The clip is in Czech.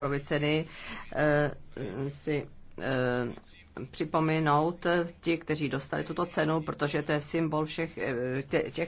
Provicery eh, si eh, připomenout ti, kteří dostali tuto cenu, protože to je symbol všech eh, těch,